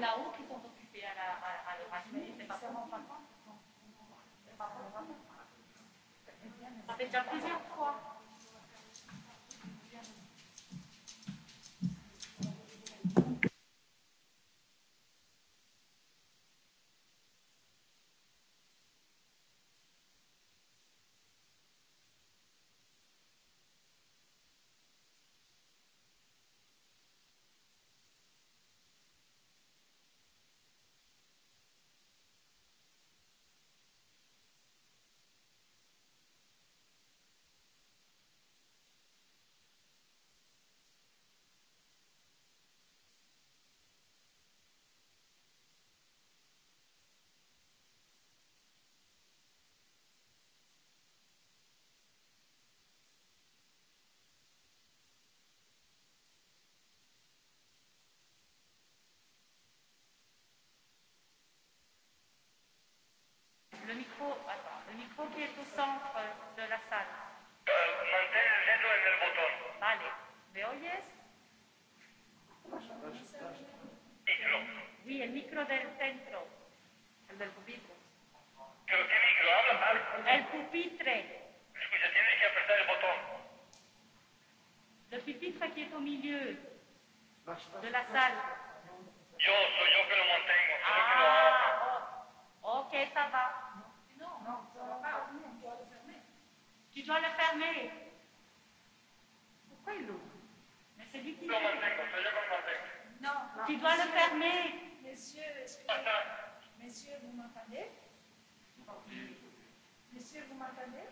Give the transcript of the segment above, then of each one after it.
la U qui sont occupés à l'Erasme et c'est pas seulement pas C'est pas seulement pas Ça fait déjà plusieurs fois. el micro del centro, el del pupitre. ¿Pero qué micro? Habla mal. El pupitre. Escucha, tienes que apretar el botón. Le pupitre qui est au milieu de la sala. Yo, soy yo que lo mantengo. Soy ah, que lo oh, ok, está va. No, no, no, tu dois le fermer. Tu dois le fermer. Pourquoi il ouvre Mais c'est lui qui. Non, non, tu dois le fermer. Messieurs, messieurs, vous m'entendez Messieurs, vous m'entendez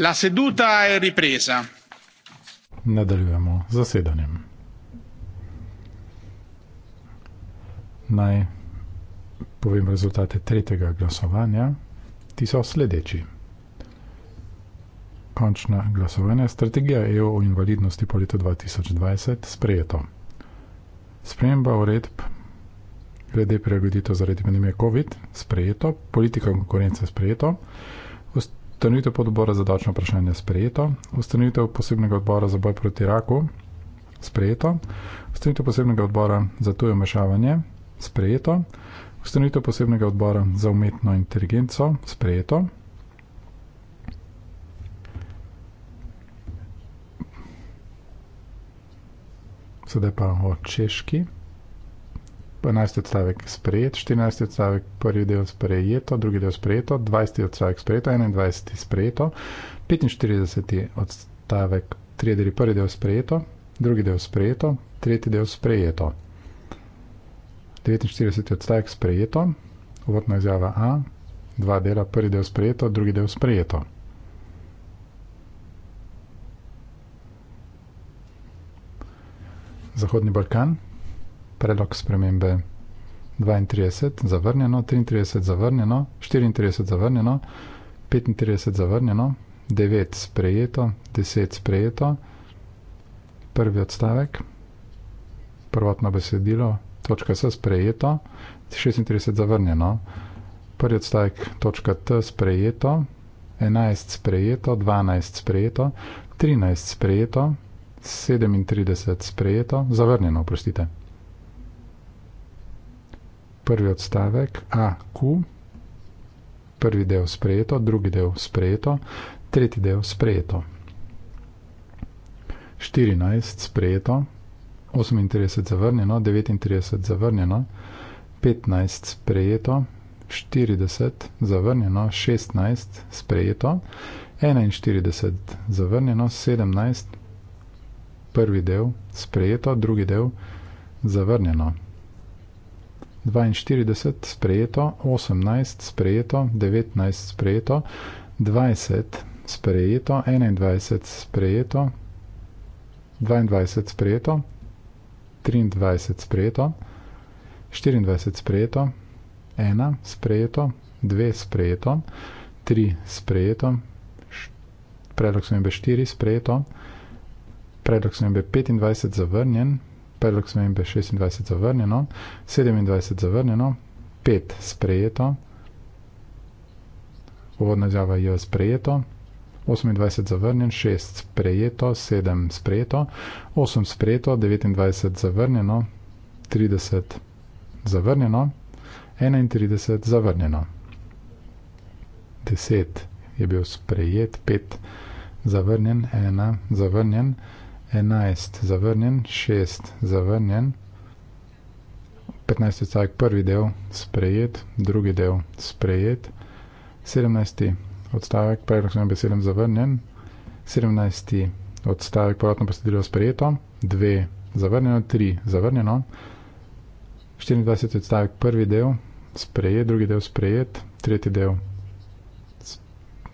La seduta è ripresa. Nadaljujemo z zasedanjem. Naj povem rezultate tretjega glasovanja. Ti so sledeči. Končna glasovanja. Strategija EU o invalidnosti po letu 2020 sprejeto. Sprememba uredb glede prilagoditev zaradi pandemije COVID sprejeto. Politika konkurence sprejeto ustanovitev pododbora za davčno vprašanje sprejeto, ustanovitev posebnega odbora za boj proti raku sprejeto, ustanovitev posebnega odbora za tuje vmešavanje sprejeto, ustanovitev posebnega odbora za umetno inteligenco sprejeto. Sedaj pa o češki. 11. odstavek sprejet, 14. odstavek prvi del sprejeto, drugi del sprejeto, 20. odstavek sprejeto, 21. sprejeto, 45. odstavek tretji del prvi del sprejeto, drugi del sprejeto, tretji del sprejeto, 49. odstavek sprejeto, uvodna izjava A, dva dela, prvi del sprejeto, drugi del sprejeto. Zahodni Balkan predlog spremembe 32 zavrnjeno, 33 zavrnjeno, 34 zavrnjeno, 35 zavrnjeno, 9 sprejeto, 10 sprejeto, prvi odstavek, prvotno besedilo, točka S sprejeto, 36 zavrnjeno, prvi odstavek, točka T sprejeto, 11 sprejeto, 12 sprejeto, 13 sprejeto, 37 sprejeto, zavrnjeno, prostite prvi odstavek, A, Q, prvi del sprejeto, drugi del sprejeto, tretji del sprejeto. 14 sprejeto, 38 zavrnjeno, 39 zavrnjeno, 15 sprejeto, 40 zavrnjeno, 16 sprejeto, 41 zavrnjeno, 17 prvi del sprejeto, drugi del zavrnjeno. 42 sprejeto, 18 sprejeto, 19 sprejeto, 20 sprejeto, 21 sprejeto, 22 sprejeto, 23 sprejeto, 24 sprejeto, 1 sprejeto, 2 sprejeto, 3 sprejeto, predlog sem 4 sprejeto, predlog sem 25 zavrnjen, predlog spremembe 26 zavrnjeno, 27 zavrnjeno, 5 sprejeto, uvodna izjava je sprejeto, 28 zavrnjen, 6 sprejeto, 7 sprejeto, 8 sprejeto, 29 zavrnjeno, 30 zavrnjeno, 31 zavrnjeno. 10 je bil sprejet, 5 zavrnjen, 1 zavrnjen, 11 zavrnjen, 6 zavrnjen, 15 odstavek prvi del sprejet, drugi del sprejet, 17 odstavek predlog sem besedem zavrnjen, 17 odstavek povratno posledilo sprejeto, 2 zavrnjeno, 3 zavrnjeno, 24 odstavek prvi del sprejet, drugi del sprejet, tretji del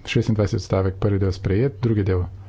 26 odstavek prvi del sprejet, drugi del sprejet,